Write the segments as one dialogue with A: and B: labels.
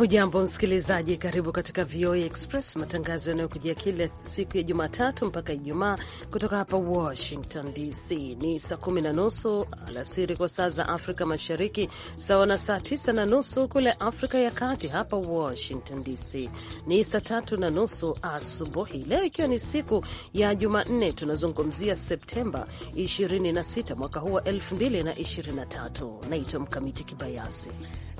A: Hujambo msikilizaji, karibu katika VOA Express, matangazo yanayokujia kila siku ya Jumatatu mpaka Ijumaa kutoka hapa Washington DC. Ni saa kumi na nusu alasiri kwa saa za Afrika Mashariki, sawa na saa tisa na nusu kule Afrika ya Kati. Hapa Washington DC ni saa tatu na nusu asubuhi. Leo ikiwa ni siku ya Jumanne, tunazungumzia Septemba 26 mwaka huu wa 2023. Naitwa Mkamiti Kibayasi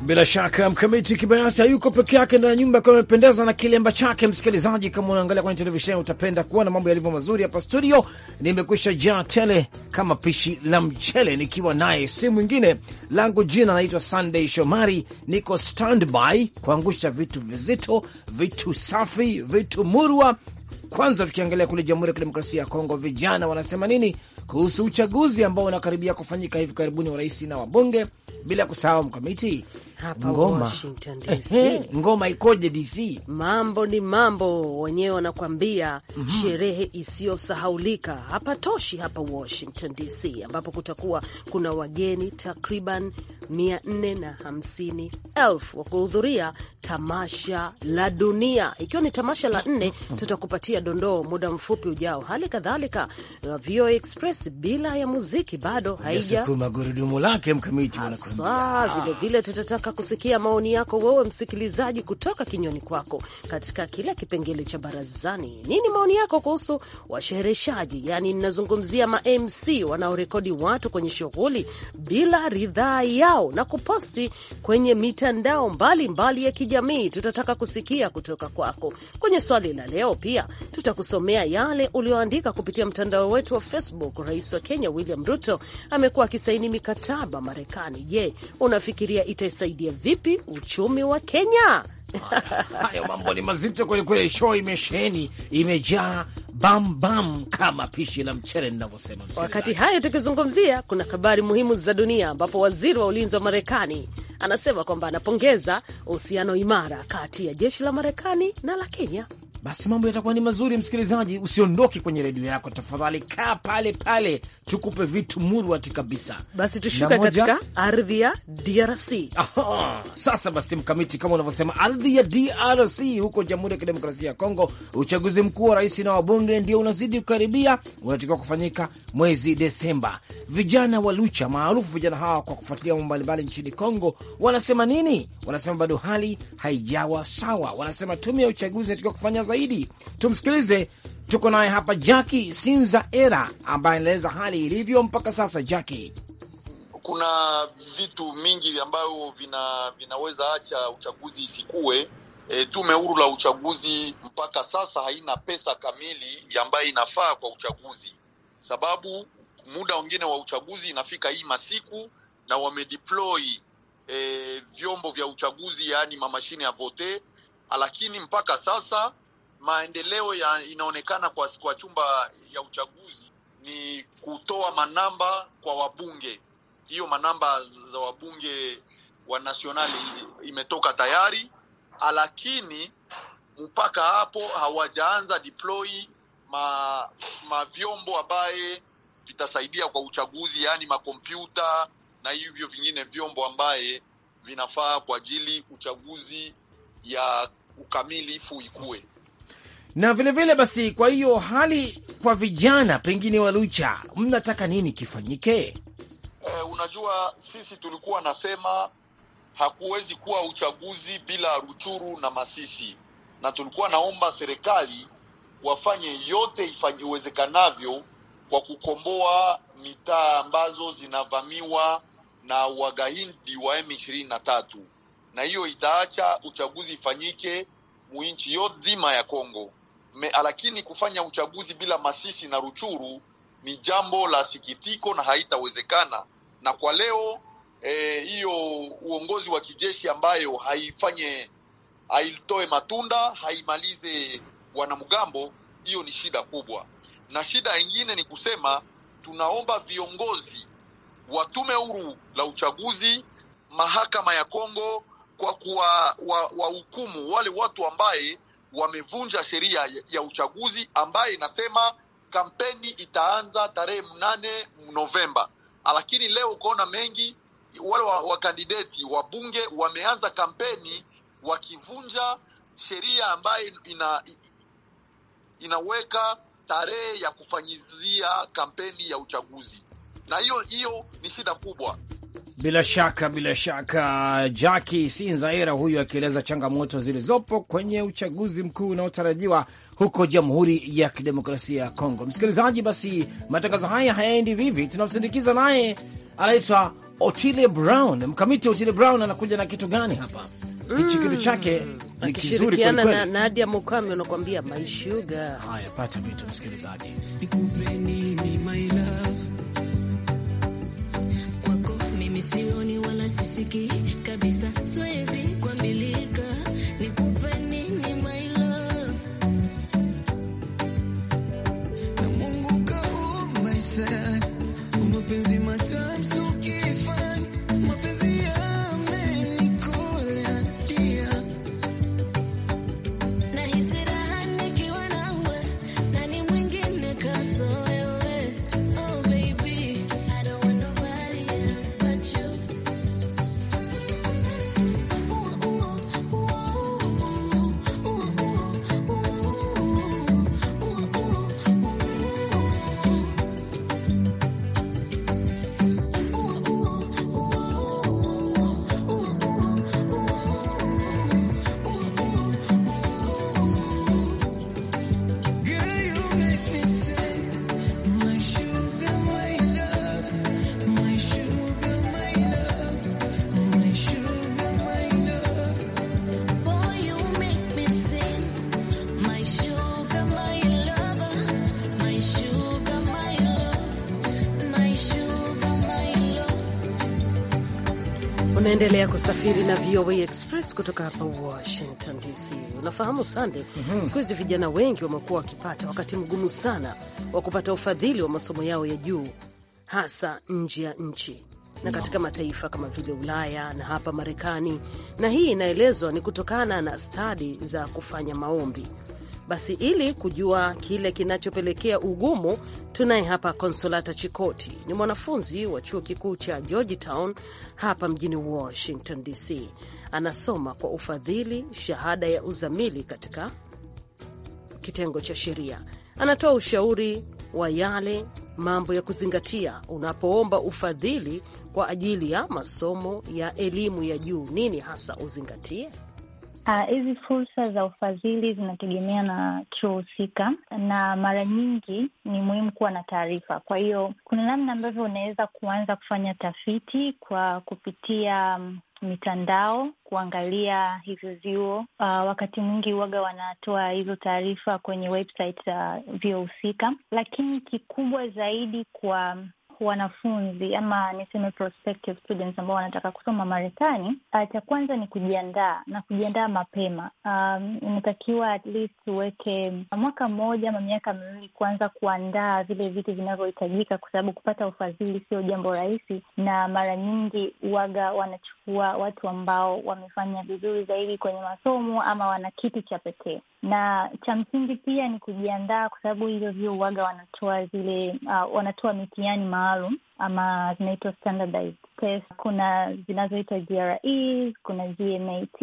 B: bila shaka mkamiti kibayasi hayuko peke yake ndani ya nyumba, kwa amependeza na kilemba chake. Msikilizaji, kama unaangalia kwenye televisheni, utapenda kuona mambo yalivyo mazuri. Hapa studio nimekwisha jaa tele kama pishi la mchele, nikiwa naye si mwingine, langu jina naitwa Sunday Shomari, niko standby kuangusha vitu vizito, vitu safi, vitu murwa. Kwanza tukiangalia kule Jamhuri ya Kidemokrasia ya Kongo, vijana wanasema nini kuhusu uchaguzi ambao unakaribia kufanyika hivi karibuni wa rais na wabunge, bila kusahau mkamiti hapa ngoma. Washington
A: DC. Eh,
B: ngoma ikoje DC? Mambo ni
A: mambo, wenyewe wanakwambia mm -hmm. Sherehe isiyosahaulika hapatoshi hapa Washington DC, ambapo kutakuwa kuna wageni takriban mia nne na hamsini wa kuhudhuria tamasha la dunia, ikiwa ni tamasha la nne. Mhm. Tutakupatia dondoo muda mfupi ujao. Hali kadhalika uh, VO Express bila ya muziki bado haija
B: lake mkamiti,
A: vilevile tutataka tunataka kusikia maoni yako wewe msikilizaji, kutoka kinywani kwako katika kila kipengele cha barazani. Nini maoni yako kuhusu washereheshaji? yani ninazungumzia ma MC wanaorekodi watu kwenye shughuli bila ridhaa yao na kuposti kwenye mitandao mbalimbali mbali ya kijamii. Tutataka kusikia kutoka kwako kwenye swali la leo. Pia tutakusomea yale ulioandika kupitia mtandao wetu wa Facebook. Rais wa Kenya William Ruto amekuwa akisaini mikataba Marekani. Je, unafikiria itasaidia itasaidia vipi uchumi wa Kenya?
B: Hayo mambo ni mazito kweli. Show imesheni imejaa bambam kama pishi la mchere ninavyosema.
A: Wakati hayo tukizungumzia, kuna habari muhimu za dunia, ambapo waziri wa ulinzi wa Marekani anasema kwamba anapongeza uhusiano imara kati ya jeshi la Marekani na la
B: Kenya basi mambo yatakuwa ni mazuri. Msikilizaji, usiondoke kwenye redio yako tafadhali, kaa pale pale, tukupe vitu murwati kabisa. Basi tushuka katika ardhi ya DRC. Aha, sasa basi mkamiti, kama unavyosema ardhi ya DRC, huko Jamhuri ya Kidemokrasia ya Kongo, uchaguzi mkuu wa rais na wabunge ndio unazidi kukaribia, unatakiwa kufanyika mwezi Desemba. Vijana wa Lucha maarufu vijana hawa kwa kufuatilia mambo mbalimbali nchini Kongo wanasema nini? Wanasema bado hali haijawa sawa, wanasema tume ya uchaguzi inatakiwa kufanya zaidi. Tumsikilize, tuko naye hapa Jaki Sinza Era ambaye anaeleza hali ilivyo mpaka sasa. Jaki,
C: kuna vitu mingi ambavyo vina, vinaweza acha uchaguzi isikuwe E, tume huru la uchaguzi mpaka sasa haina pesa kamili ambayo inafaa kwa uchaguzi, sababu muda wengine wa uchaguzi inafika hii masiku na wamedeploy e, vyombo vya uchaguzi, yaani mamashine ya vote, lakini mpaka sasa maendeleo ya inaonekana kwa, kwa chumba ya uchaguzi ni kutoa manamba kwa wabunge. Hiyo manamba za wabunge wa nasionali imetoka tayari, lakini mpaka hapo hawajaanza deploy ma, ma vyombo ambaye vitasaidia kwa uchaguzi, yaani makompyuta na hivyo vingine vyombo ambaye vinafaa kwa ajili uchaguzi ya ukamilifu ikue
B: na vilevile vile basi, kwa hiyo hali kwa vijana pengine wa Lucha, mnataka nini kifanyike?
C: Eh, unajua sisi tulikuwa nasema hakuwezi kuwa uchaguzi bila Ruchuru na Masisi, na tulikuwa naomba serikali wafanye yote iwezekanavyo kwa kukomboa mitaa ambazo zinavamiwa na wagahindi wa M ishirini na tatu, na hiyo itaacha uchaguzi ifanyike mu yo yote nzima ya Kongo. Me, lakini kufanya uchaguzi bila Masisi na Ruchuru ni jambo la sikitiko na haitawezekana. Na kwa leo e, hiyo e, uongozi wa kijeshi ambayo haifanye haitoe matunda haimalize wanamgambo, hiyo ni shida kubwa. Na shida ingine ni kusema tunaomba viongozi wa tume huru la uchaguzi, mahakama ya Kongo kwa kuwahukumu wa, wale watu ambaye wamevunja sheria ya uchaguzi ambayo inasema kampeni itaanza tarehe mnane Novemba, ah, lakini leo ukaona mengi wale wakandideti wa bunge wameanza kampeni wakivunja sheria ambayo ina, inaweka tarehe ya kufanyizia kampeni ya uchaguzi, na hiyo hiyo ni shida kubwa.
B: Bila shaka, bila shaka, Jaki Sinzaira huyu akieleza changamoto zilizopo kwenye uchaguzi mkuu unaotarajiwa huko Jamhuri ya Kidemokrasia ya Kongo. Msikilizaji, basi matangazo haya hayaendi vivi, tunamsindikiza naye anaitwa Otile Brown. Mkamiti Otile Brown anakuja na kitu gani hapa?
A: Hichi kitu mm, chake
B: ni kizuri kweli kweli. Na
A: Nadia Mukami anakuambia my sugar. Haya,
B: pata vitu msikilizaji. Nikupe nini my love?
D: sioni wala sisiki kabisa, siwezi kuambilika, nikupe nini my love, na Mungu kaumba
E: oh, mapenzi matamu
A: Unaendelea kusafiri na VOA Express kutoka hapa Washington DC. Unafahamu Sande, mm -hmm. Siku hizi vijana wengi wamekuwa wakipata wakati mgumu sana wa kupata ufadhili wa masomo yao ya juu, hasa nje ya nchi na mm. katika mataifa kama vile Ulaya na hapa Marekani, na hii inaelezwa ni kutokana na stadi za kufanya maombi basi ili kujua kile kinachopelekea ugumu, tunaye hapa Konsolata Chikoti, ni mwanafunzi wa chuo kikuu cha Georgetown hapa mjini Washington DC. Anasoma kwa ufadhili shahada ya uzamili katika kitengo cha sheria. Anatoa ushauri wa yale mambo ya kuzingatia unapoomba ufadhili kwa ajili ya masomo ya elimu ya juu. Nini hasa uzingatie?
F: Ah, hizi fursa za ufadhili zinategemea na chuo husika, na mara nyingi ni muhimu kuwa na taarifa. Kwa hiyo kuna namna ambavyo unaweza kuanza kufanya tafiti kwa kupitia mm, mitandao kuangalia hivyo vyuo. Uh, wakati mwingi waga wanatoa hizo taarifa kwenye website za uh, vyuo husika, lakini kikubwa zaidi kwa mm, wanafunzi ama niseme prospective students ambao wanataka kusoma Marekani, uh, cha kwanza ni kujiandaa na kujiandaa mapema. Um, unatakiwa at least uweke mwaka mmoja ama miaka miwili kuanza kuandaa vile vitu vinavyohitajika, kwa sababu kupata ufadhili sio jambo rahisi, na mara nyingi waga wanachukua watu ambao wamefanya vizuri zaidi kwenye masomo ama wana kitu cha pekee na cha msingi pia ni kujiandaa, kwa sababu hivyo vyo uwaga wanatoa zile uh, wanatoa mitihani maalum maalum ama zinaitwa standardized test. Kuna zinazoitwa GRE, kuna GMAT,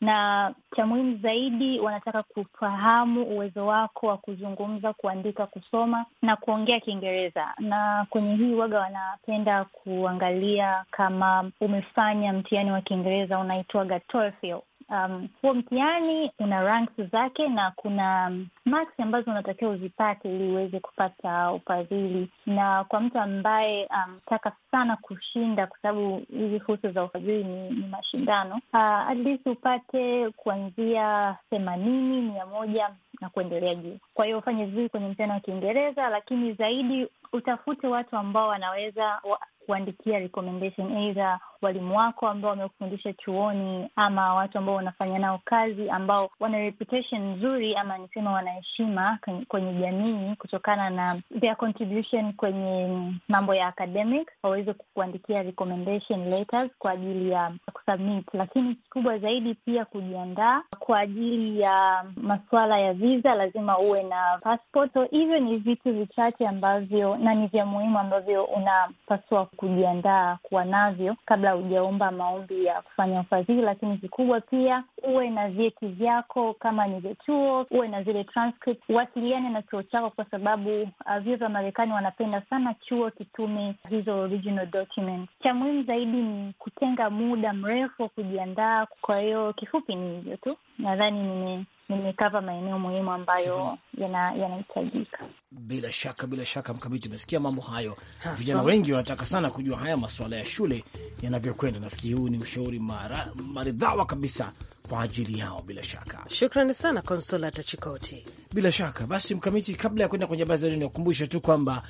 F: na cha muhimu zaidi wanataka kufahamu uwezo wako wa kuzungumza, kuandika, kusoma na kuongea Kiingereza. Na kwenye hii waga wanapenda kuangalia kama umefanya mtihani wa Kiingereza unaitwaga TOEFL um, huo mtihani una ranks zake na kuna um, marks ambazo unatakiwa uzipate ili uweze kupata ufadhili. Na kwa mtu ambaye anataka um, sana kushinda, kwa sababu hizi fursa za ufadhili ni, ni mashindano uh, at least upate kuanzia themanini mia moja na kuendelea juu. Kwa hiyo ufanye vizuri kwenye mtihani wa Kiingereza, lakini zaidi utafute watu ambao wanaweza wa, kuandikia recommendation either walimu wako ambao wamekufundisha chuoni ama watu ambao wanafanya nao kazi ambao wana reputation nzuri ama nisema wanaheshima kwenye jamii kutokana na their contribution kwenye mambo ya academic, waweze kukuandikia recommendation letters kwa ajili ya kusubmit, lakini kikubwa zaidi pia kujiandaa kwa ajili ya masuala ya visa, lazima uwe na passport. So hivyo ni vitu vichache ambavyo na ni vya muhimu ambavyo unapaswa kujiandaa kuwa navyo kabla kabla hujaomba maombi ya kufanya ufadhili, lakini kikubwa pia uwe na vyeti vyako kama ni vya chuo, uwe na zile transcript, wasiliane na chuo chako, kwa sababu uh, vyuo vya Marekani wanapenda sana chuo kitume hizo original documents. Cha muhimu zaidi ni kutenga muda mrefu wa kujiandaa. Kwa hiyo kifupi ni hivyo tu, nadhani nime nimekava maeneo muhimu ambayo yanahitajika. Yana
B: bila shaka, bila shaka Mkamiti, umesikia mambo hayo. Vijana wengi wanataka sana kujua haya masuala ya shule yanavyokwenda. Nafikiri huu ni ushauri maridhawa kabisa kwa ajili yao. Bila shaka, shukrani sana Konsola Tachikoti. Bila shaka basi, Mkamiti, kabla ya kuenda kwenye habari zaidi, nikukumbushe tu kwamba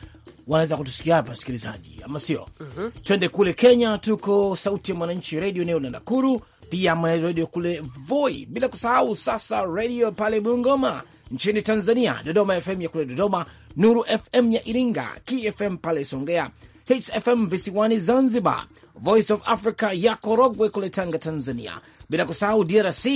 B: wanaweza kutusikia hapa sikilizaji, ama sio? mm -hmm. Twende kule Kenya, tuko Sauti ya Mwananchi redio eneo la Nakuru pia Mwana redio kule Voi, bila kusahau sasa redio pale Bungoma nchini Tanzania, Dodoma FM ya kule Dodoma, Nuru FM ya Iringa, KFM pale Songea, HFM visiwani Zanzibar, Voice of Africa ya Korogwe kule Tanga, Tanzania, bila kusahau DRC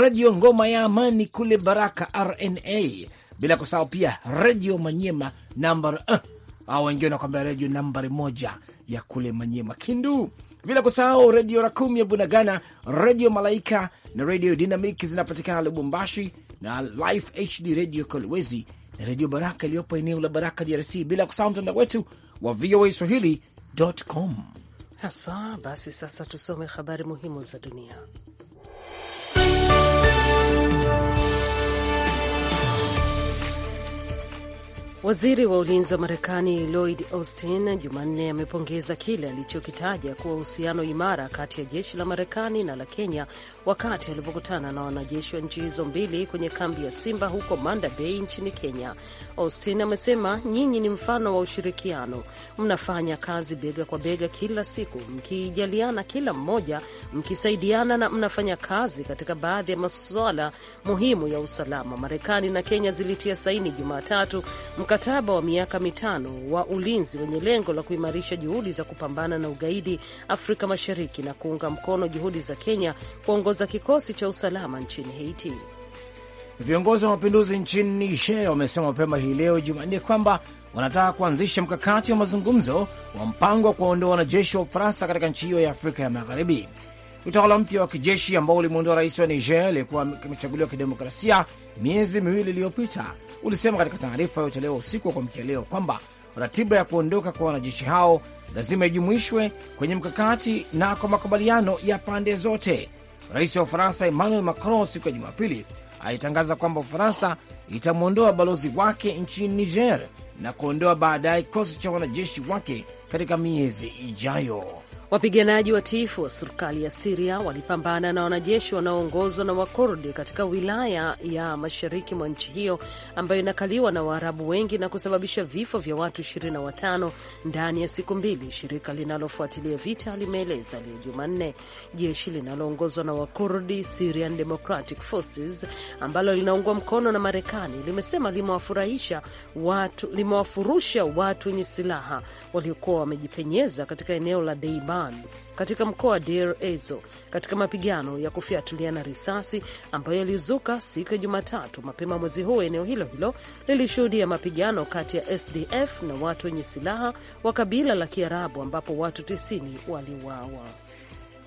B: redio Ngoma ya Amani kule Baraka, RNA, bila kusahau pia redio Manyema namba eh, au wengine wanakwambia redio nambari moja ya kule Manyema Kindu bila kusahau redio rakum ya Bunagana, redio Malaika na redio dynamic zinapatikana Lubumbashi na Life HD redio Kolwezi na redio Baraka iliyopo eneo la Baraka, DRC, bila kusahau mtandao wetu wa VOA Swahili.com
A: hasa Basi sasa tusome habari muhimu za dunia. Waziri wa ulinzi wa Marekani Lloyd Austin Jumanne amepongeza kile alichokitaja kuwa uhusiano imara kati ya jeshi la Marekani na la Kenya wakati alipokutana na wanajeshi wa nchi hizo mbili kwenye kambi ya Simba huko Manda Bay nchini Kenya. Austin amesema nyinyi ni mfano wa ushirikiano, mnafanya kazi bega kwa bega kila siku, mkijaliana kila mmoja, mkisaidiana na mnafanya kazi katika baadhi ya masuala muhimu ya usalama. Marekani na Kenya zilitia saini Jumatatu mkataba wa miaka mitano wa ulinzi wenye lengo la kuimarisha juhudi za kupambana na ugaidi Afrika Mashariki na kuunga mkono juhudi za Kenya kuongoza kuongoza kikosi cha usalama nchini Haiti.
B: Viongozi wa mapinduzi nchini Niger wamesema mapema hii leo Jumanne kwamba wanataka kuanzisha mkakati wa mazungumzo wa mpango wa kuwaondoa wanajeshi wa Ufaransa katika nchi hiyo ya Afrika ya Magharibi. Utawala mpya wa kijeshi ambao ulimwondoa rais wa Niger aliyekuwa amechaguliwa kidemokrasia miezi miwili iliyopita ulisema katika taarifa iliyotolewa usiku wa kuamkia leo kwamba ratiba ya kuondoka kwa wanajeshi hao lazima ijumuishwe kwenye mkakati na kwa makubaliano ya pande zote. Rais wa Ufaransa Emmanuel Macron siku ya Jumapili alitangaza kwamba Ufaransa itamwondoa balozi wake nchini Niger na kuondoa baadaye kikosi cha wanajeshi wake katika miezi ijayo.
A: Wapiganaji watiifu wa serikali ya Siria walipambana na wanajeshi wanaoongozwa na Wakurdi katika wilaya ya mashariki mwa nchi hiyo ambayo inakaliwa na Waarabu wengi na kusababisha vifo vya watu 25 ndani ya siku mbili, shirika linalofuatilia vita limeeleza leo Jumanne. Jeshi linaloongozwa na Wakurdi, Syrian Democratic Forces, ambalo linaungwa mkono na Marekani, limesema limewafurahisha watu, limewafurusha watu wenye silaha waliokuwa wamejipenyeza katika eneo la Deiba Baal katika mkoa wa Deir Ezzor katika mapigano ya kufyatuliana risasi ambayo yalizuka siku ya Jumatatu mapema mwezi huu. Eneo hilo hilo lilishuhudia mapigano kati ya SDF na watu wenye silaha wa kabila la Kiarabu ambapo watu 90 waliuawa.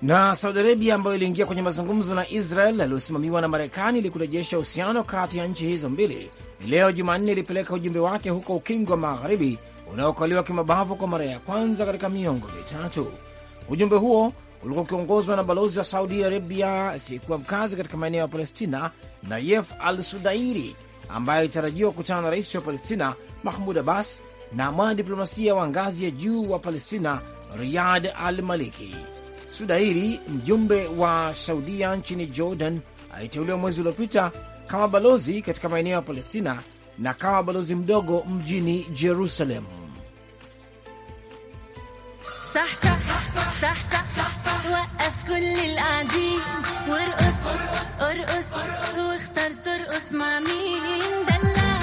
B: Na Saudi Arabia ambayo iliingia kwenye mazungumzo na Israel yaliyosimamiwa na Marekani ili kurejesha uhusiano kati ya nchi hizo mbili, leo Jumanne ilipeleka ujumbe wake huko Ukingo wa Magharibi unaokaliwa kimabavu kwa mara ya kwanza katika miongo mitatu. Ujumbe huo ulikuwa ukiongozwa na balozi wa Saudi Arabia asiyekuwa mkazi katika maeneo ya Palestina, Nayef Al Sudairi, ambaye alitarajiwa kukutana na rais wa Palestina Mahmud Abbas na mwanadiplomasia wa ngazi ya juu wa Palestina Riyad Al Maliki. Sudairi, mjumbe wa Saudia nchini Jordan, aliteuliwa mwezi uliopita kama balozi katika maeneo ya Palestina na kama balozi mdogo mjini Jerusalem.
D: صح صح صح صح صح وقف كل القاعدين وارقص ارقص واختار ترقص مع مين دلع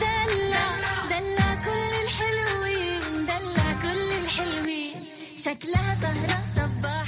D: دلع دلع كل الحلوين دلع كل الحلوين شكلها سهرة صباح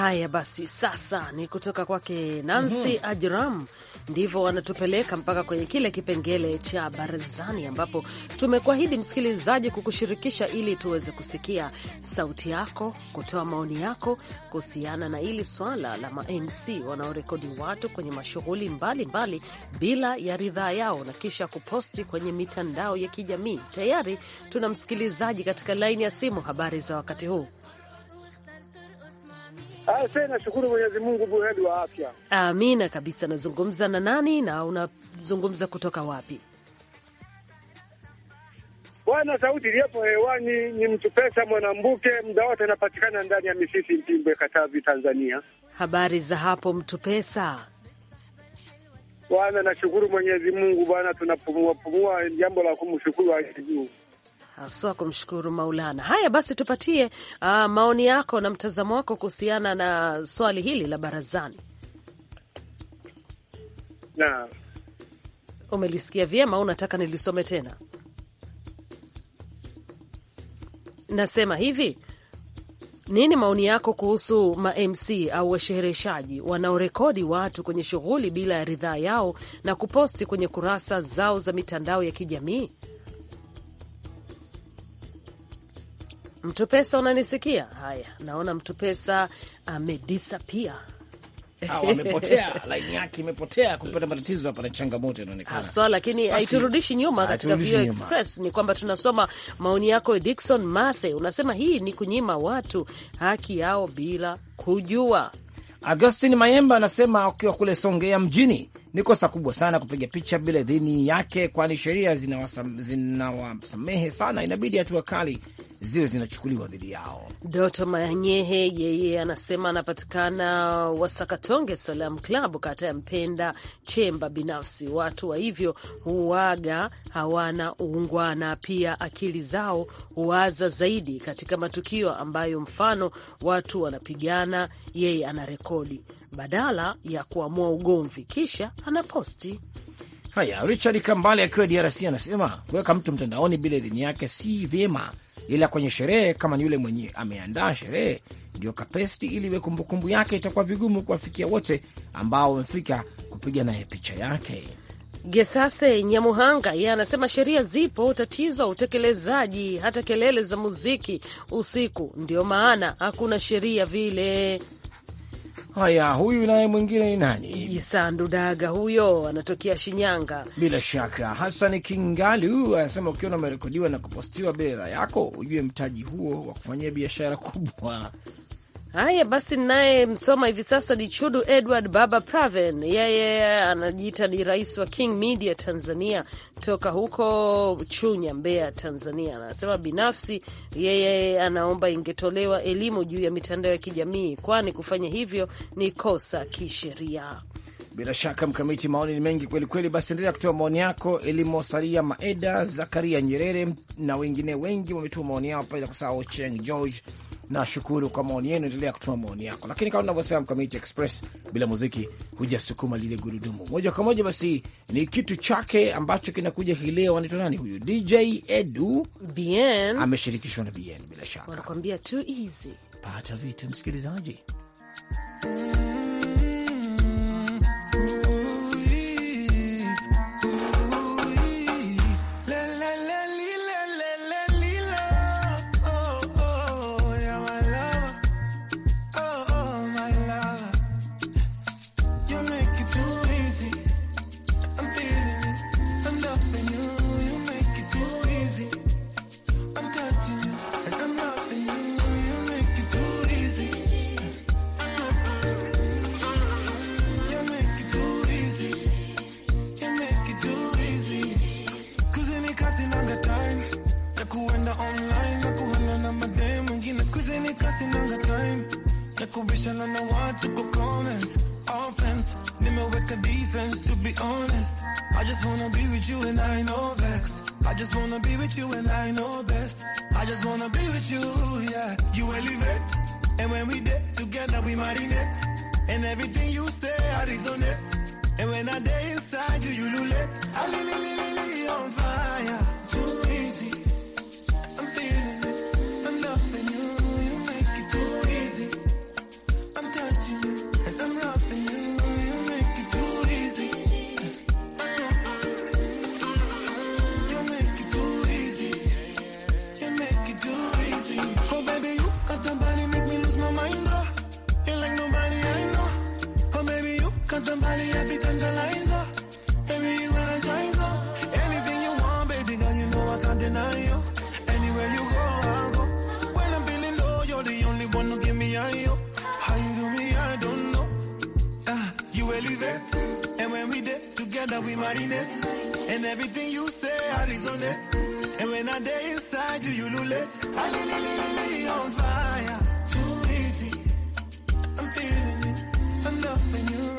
A: Haya basi, sasa ni kutoka kwake Nancy mm -hmm. Ajram. Ndivyo wanatupeleka mpaka kwenye kile kipengele cha barazani, ambapo tumekuahidi msikilizaji kukushirikisha ili tuweze kusikia sauti yako, kutoa maoni yako kuhusiana na hili swala la ma-MC wanaorekodi watu kwenye mashughuli mbalimbali bila ya ridhaa yao na kisha kuposti kwenye mitandao ya kijamii. Tayari tuna msikilizaji katika laini ya simu. Habari za wakati huu?
C: Ah, sasa nashukuru Mwenyezi Mungu buheri wa afya.
A: Amina kabisa. Nazungumza na nani na
F: unazungumza
A: kutoka wapi?
F: Bwana, sauti iliyopo hewani ni mtu pesa Mwanambuke, muda wote anapatikana ndani ya Misisi Mpimbwe, Katavi, Tanzania.
A: Habari za hapo mtu pesa?
F: Bwana, nashukuru
C: Mwenyezi Mungu bwana, tunapumua pumua, jambo la kumshukuru juu
A: Haswa kumshukuru Maulana. Haya basi, tupatie uh, maoni yako na mtazamo wako kuhusiana na swali hili la barazani. Na umelisikia vyema au unataka nilisome tena? Nasema hivi, nini maoni yako kuhusu ma MC au washehereshaji wanaorekodi watu kwenye shughuli bila ya ridhaa yao na kuposti kwenye kurasa zao za mitandao ya kijamii? Mtu Pesa, unanisikia? Haya, naona Mtu Pesa amedisapia
B: ah, amepotea laini yake imepotea, kupata matatizo hapa na changamoto inaonekana haswa, lakini haiturudishi nyuma. Katika Vio Express
A: ni kwamba tunasoma maoni yako. Dikson Mathe unasema hii ni kunyima watu haki yao bila kujua.
B: Augustin Mayemba anasema ukiwa kule Songea mjini ni kosa kubwa sana kupiga picha bila idhini yake, kwani sheria zinawasamehe zina sana, inabidi hatua kali ziwe zinachukuliwa dhidi yao.
A: Doto Manyehe yeye anasema anapatikana Wasakatonge Salam Club, kata ya Mpenda Chemba. Binafsi watu wa hivyo huwaga hawana uungwana, pia akili zao huwaza zaidi katika matukio ambayo mfano watu wanapigana, yeye anarekodi badala ya kuamua ugomvi, kisha anaposti.
B: Haya, Richard Kambale akiwa DRC anasema kuweka mtu mtandaoni bila idhini yake si vyema ila kwenye sherehe kama ni yule mwenye ameandaa sherehe ndio kapesti ili iwe kumbukumbu yake, itakuwa vigumu kuwafikia wote ambao wamefika kupiga naye picha yake.
A: Gesase Nyamuhanga yeye anasema sheria zipo, tatizo utekelezaji. Hata kelele za muziki usiku, ndio maana hakuna sheria vile.
B: Haya, huyu naye mwingine ni nani? Isandu Daga, huyo anatokea Shinyanga. Bila shaka, Hasani huyu anasema ukiona umerekodiwa na kupostiwa bedha yako, ujue mtaji huo wa kufanyia biashara kubwa
A: Haya basi, naye msoma hivi sasa ni Chudu Edward Baba Praven, yeye anajiita ni rais wa King Media Tanzania toka huko Chunya, Mbeya, Tanzania. Anasema binafsi yeye anaomba ingetolewa elimu juu ya mitandao ya kijamii, kwani kufanya hivyo ni kosa kisheria.
B: Bila shaka Mkamiti, maoni ni mengi kweli kweli. Basi endelea kutoa maoni yako. saria Maeda, Zakaria Nyerere na wengine wengi wametuma maoni yao, pale kusahau Cheng George Nashukuru kwa maoni yenu, endelea kutuma maoni yako, lakini kama unavyosema Mkamiti Express, bila muziki hujasukuma lile gurudumu moja kwa moja. Basi ni kitu chake ambacho kinakuja hii leo. Anaitwa nani huyu? DJ Edu BN ameshirikishwa na BN, bila shaka wanakwambia too easy. Pata vitu msikilizaji
E: Need me a defense to be honest. I just wanna be with you and I know vex. I just wanna be with you and I know best. I just wanna be with you, yeah. You elevate. And when we did together, we marinate. And everything you say, I resonate. And when I day inside you, you lulate. I ah, li li li li li on fire. marinate. And when we did together, we marinate. And everything you say, I resonate. And when I day inside you, you lulate. I li li li on fire. Too easy. I'm feeling it. I'm loving you.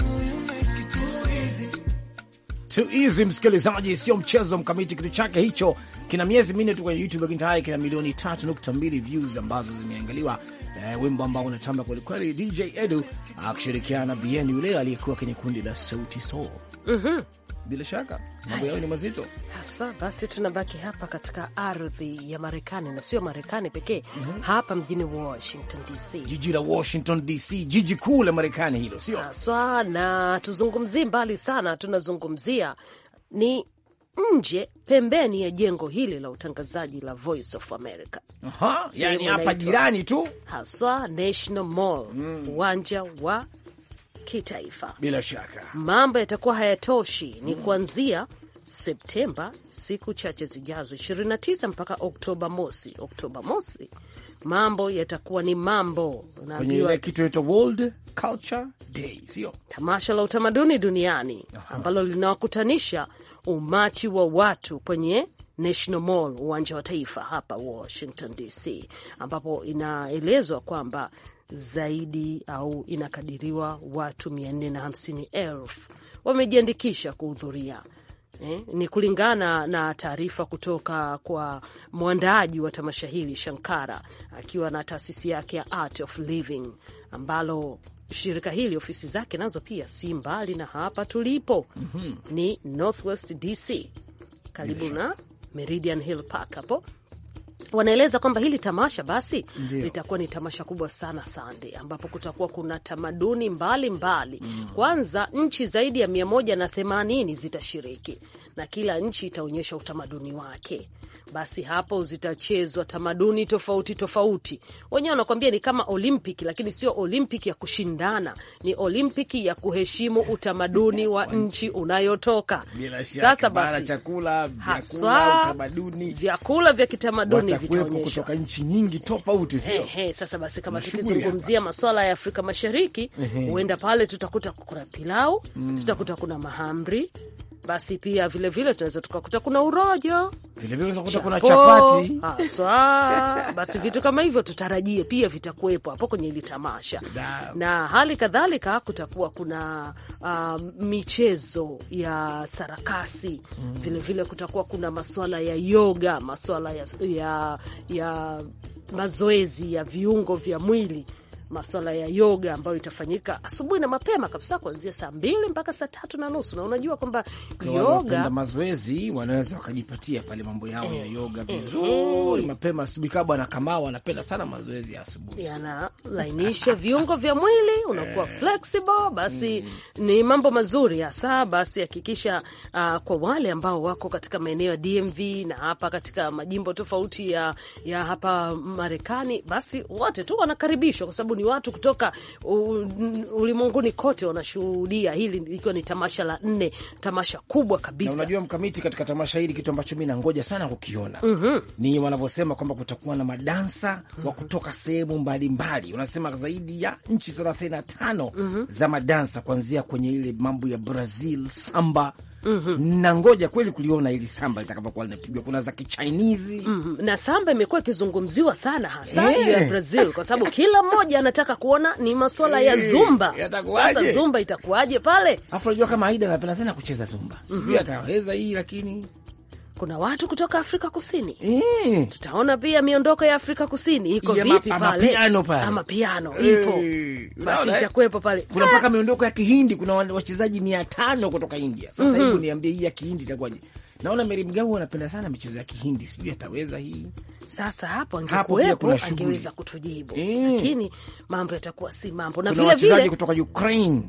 B: Too easy, msikilizaji, sio mchezo mkamiti. Kitu chake hicho kina miezi minne tu kwenye YouTube, lakini tayari kina milioni 3.2 views ambazo zimeangaliwa eh, wimbo ambao unatamba kwelikweli, DJ Edu akishirikiana na Bien yule aliyekuwa kwenye kundi la Sauti Sol. mm -hmm. Bila shaka mambo yao ni mazito
A: hasa. Basi tunabaki hapa katika ardhi ya Marekani na sio Marekani pekee, mm -hmm. hapa mjini Washington DC,
B: jiji la Washington DC, jiji kuu la Marekani hilo, sio
A: haswa. Na tuzungumzie mbali sana, tunazungumzia ni nje pembeni ya jengo hili la utangazaji la Voice of America. Aha, yani hapa jirani tu haswa National Mall, mm. uwanja mm. wa kitaifa.
B: Bila shaka
A: mambo yatakuwa hayatoshi, ni mm. kuanzia Septemba siku chache zijazo 29 mpaka Oktoba mosi. Oktoba mosi mambo yatakuwa ni mambo, unaambiwa
B: World Culture Day, sio
A: tamasha la utamaduni duniani ambalo linawakutanisha umati wa watu kwenye National Mall, uwanja wa taifa hapa Washington DC, ambapo inaelezwa kwamba zaidi au inakadiriwa watu 450,000 wamejiandikisha kuhudhuria. Eh, ni kulingana na taarifa kutoka kwa mwandaaji wa tamasha hili Shankara, akiwa na taasisi yake ya Art of Living ambalo shirika hili ofisi zake nazo pia si mbali na hapa tulipo, mm -hmm. ni Northwest DC karibu yes. na Meridian Hill Park hapo wanaeleza kwamba hili tamasha basi litakuwa ni tamasha kubwa sana Sande, ambapo kutakuwa kuna tamaduni mbalimbali mbali. Mm. Kwanza nchi zaidi ya mia moja na themanini zitashiriki na kila nchi itaonyesha utamaduni wake basi hapo zitachezwa tamaduni tofauti tofauti. Wenyewe wanakuambia ni kama Olimpiki, lakini sio Olimpiki ya kushindana, ni olympic ya kuheshimu utamaduni wa nchi unayotoka.
B: Sasa basi chakula, haswa utamaduni,
A: vyakula vya kitamaduni vitaonyeshwa
B: kutoka nchi nyingi tofauti, sio? Ehe,
A: sasa basi kama tukizungumzia maswala ya Afrika Mashariki, huenda pale tutakuta kuna pilau, hmm. tutakuta kuna mahamri basi pia vilevile tunaweza tukakuta kuna urojo,
D: vilevile tunakuta kuna chapati
A: haswa. Basi vitu kama hivyo tutarajie pia vitakuwepo hapo kwenye hili tamasha Na hali kadhalika kutakuwa kuna uh, michezo ya sarakasi mm. Vilevile kutakuwa kuna maswala ya yoga, maswala ya, ya, ya mazoezi ya viungo vya mwili maswala ya yoga ambayo itafanyika asubuhi na mapema kabisa kuanzia saa mbili mpaka saa tatu na nusu na unajua kwamba yoga
B: mazoezi wanaweza wakajipatia pale mambo yao mm, ya yoga mhm. vizuri mm, mapema asubuhi. Kabwa na Kamau wanapenda sana mazoezi ya asubuhi,
A: yanalainisha viungo vya mwili, unakuwa eh. flexible. Basi mm, ni mambo mazuri hasa. Basi hakikisha uh, kwa wale ambao wako katika maeneo ya DMV na hapa katika majimbo tofauti ya, ya hapa Marekani, basi wote tu wanakaribishwa kwa sababu ni watu kutoka ulimwenguni kote wanashuhudia hili, ikiwa ni tamasha la nne,
B: tamasha kubwa kabisa. unajua mkamiti, katika tamasha hili kitu ambacho mi nangoja sana kukiona mm -hmm. ni wanavyosema kwamba kutakuwa na madansa mm -hmm. wa kutoka sehemu mbalimbali, unasema zaidi ya nchi thelathini na tano mm -hmm. za madansa kuanzia kwenye ile mambo ya Brazil samba mm -hmm. na ngoja kweli kuliona ili samba litakapokuwa linapigwa. Kuna za kichinizi mm -hmm. na samba imekuwa
A: ikizungumziwa sana hasa hiyo eh. hey. ya Brazil kwa sababu kila mmoja anataka kuona ni maswala hey. ya eh, zumba. Sasa zumba itakuwaje pale?
B: Afu najua kama Aida anapenda sana kucheza zumba,
A: sijui mm -hmm. ataweza
B: hii lakini
A: kuna watu kutoka Afrika Kusini e. Tutaona pia miondoko
B: ya Afrika Kusini iko vipi pale, ama piano ah, eh.
A: ipo basi eh?
B: itakuwepo pale. Kuna ah. mpaka miondoko ya Kihindi, kuna wachezaji mia tano kutoka India. Sasa mm -hmm. hebu niambie hii ya Kihindi itakuwaje? Naona Meri Mgau anapenda sana michezo ya Kihindi, sijui ataweza hii.
A: Sasa hapo angekuwepo angeweza
B: kutujibu e, lakini mambo yatakuwa si mambo, na vile vile kutoka Ukraine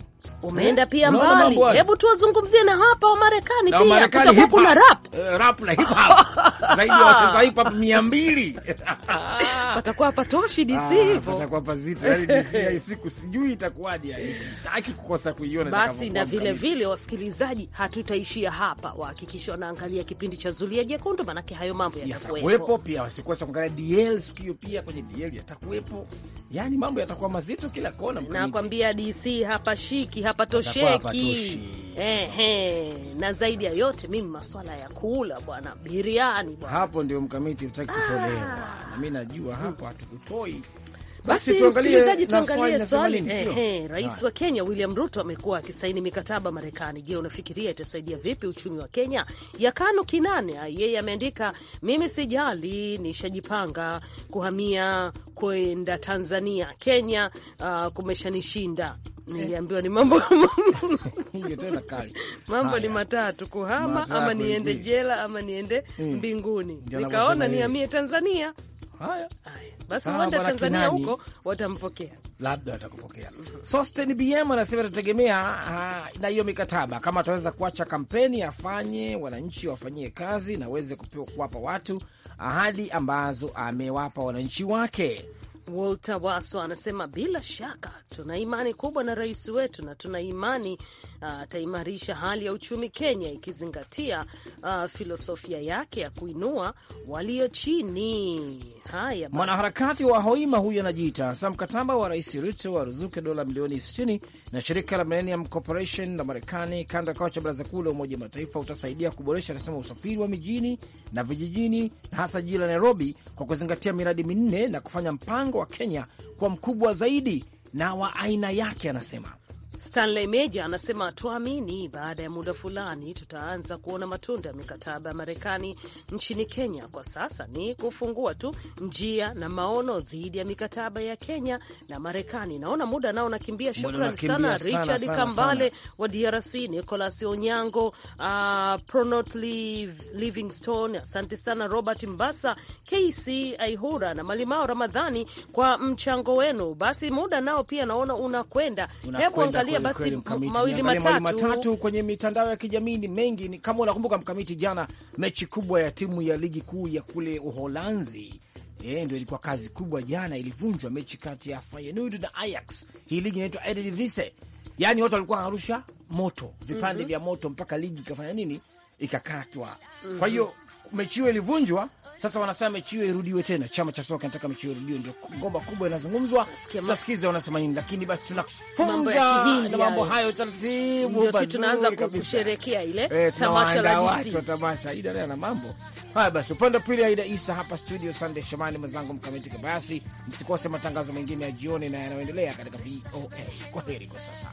B: umeenda eh? pia mbali. Hebu
A: tuwazungumzie na hapa Wamarekani pia, kutakuwa kuna rap
B: eh, rap na hip hop zaidi ya wacheza hip hop mia mbili patakuwa hapatoshi DC ah, hivyo, patakuwa pazito yani DC hii siku sijui itakuwaje, yaani sitaki kukosa kuiona. Basi na vile vile,
A: wasikilizaji, hatutaishia hapa,
B: wahakikisha wanaangalia kipindi cha Zulia Jekundu, maanake hayo mambo yatakuwepo pia, wasikose kuangalia DL siku hiyo pia, kwenye DL yatakuwepo, yani mambo yatakuwa mazito kila kona, nakwambia
A: DC hapa shiki hapatoseki, hapatosheki eh, eh. Na zaidi ya yote
B: mimi maswala ya kula bwana, biriani bwana, hapo ndio mkamiti utaki kutolewa, ah. na mi najua hapo hatukutoi basi msikilizaji, tuangalie swali. Eh,
A: eh, rais wa Kenya William Ruto amekuwa akisaini mikataba Marekani. Je, unafikiria itasaidia vipi uchumi wa Kenya? kano kinane yeye ameandika, mimi sijali, nishajipanga kuhamia kwenda Tanzania. Kenya uh, kumeshanishinda Niliambiwa ni mambo mambo ni matatu: kuhama ama niende jela ama niende mm. mbinguni. Nikaona nihamie Tanzania.
B: Haya basi, huenda Tanzania huko watampokea, labda watakupokea mm Sosten BM anasema itategemea ah, na hiyo mikataba, kama ataweza kuacha kampeni afanye, wananchi wafanyie kazi na aweze kuwapa watu ahadi ambazo amewapa wananchi wake. Walter Waso anasema bila shaka tuna imani
A: kubwa na rais wetu na tuna imani ah, ataimarisha uh, hali ya uchumi Kenya ikizingatia uh, filosofia yake ya kuinua walio chini. Haya,
B: mwanaharakati wa Hoima huyu anajiita sa mkataba wa Rais Ruto wa ruzuke dola milioni 60 na shirika la Millennium Corporation la Marekani kando kao cha baraza kuu la Umoja Mataifa utasaidia kuboresha, anasema usafiri wa mijini na vijijini, hasa jiji la Nairobi, kwa kuzingatia miradi minne na kufanya mpango mchango wa Kenya kwa mkubwa zaidi na wa aina yake, anasema.
A: Stanley Meja anasema tuamini, baada ya muda fulani tutaanza kuona matunda ya mikataba ya Marekani nchini Kenya. Kwa sasa ni kufungua tu njia na maono dhidi ya mikataba ya Kenya na Marekani. Naona muda nao nakimbia. Shukrani sana, sana Richard sana, Kambale sana, wa DRC, Nicolas Onyango, uh, Pronot Livingstone, asante sana Robert Mbasa, KC Aihura na Malimao Ramadhani kwa mchango wenu. Basi muda nao pia naona unakwenda,
B: hebu angalia kuangalia basi mawili matatu. matatu kwenye mitandao ya kijamii ni mengi, ni kama unakumbuka mkamiti, jana mechi kubwa ya timu ya ligi kuu ya kule Uholanzi eh, ndio ilikuwa kazi kubwa jana, ilivunjwa mechi kati ya Feyenoord na Ajax. Hii ligi inaitwa Eredivisie, yani watu walikuwa wanarusha moto vipande mm -hmm. vya moto mpaka ligi ikafanya nini, ikakatwa. mm -hmm. Kwa hiyo mechi hiyo ilivunjwa sasa wanasema mechi hiyo irudiwe tena, chama cha soka nataka mechi hiyo irudiwe, ndio ngoma kubwa inazungumzwa. Tutasikiza wanasema nini, lakini basi tunafunga na mambo hayo
A: taratibu, basi tunaanza kusherehekea ile eh, tamasha la watu wa
B: tamasha. Ida leo na mambo haya, basi upande wa pili Aida Isa hapa studio, Sunday Shamani mwenzangu mkamiti kibayasi. Msikose matangazo mengine ya jioni na yanayoendelea katika VOA. Kwa heri kwa sasa.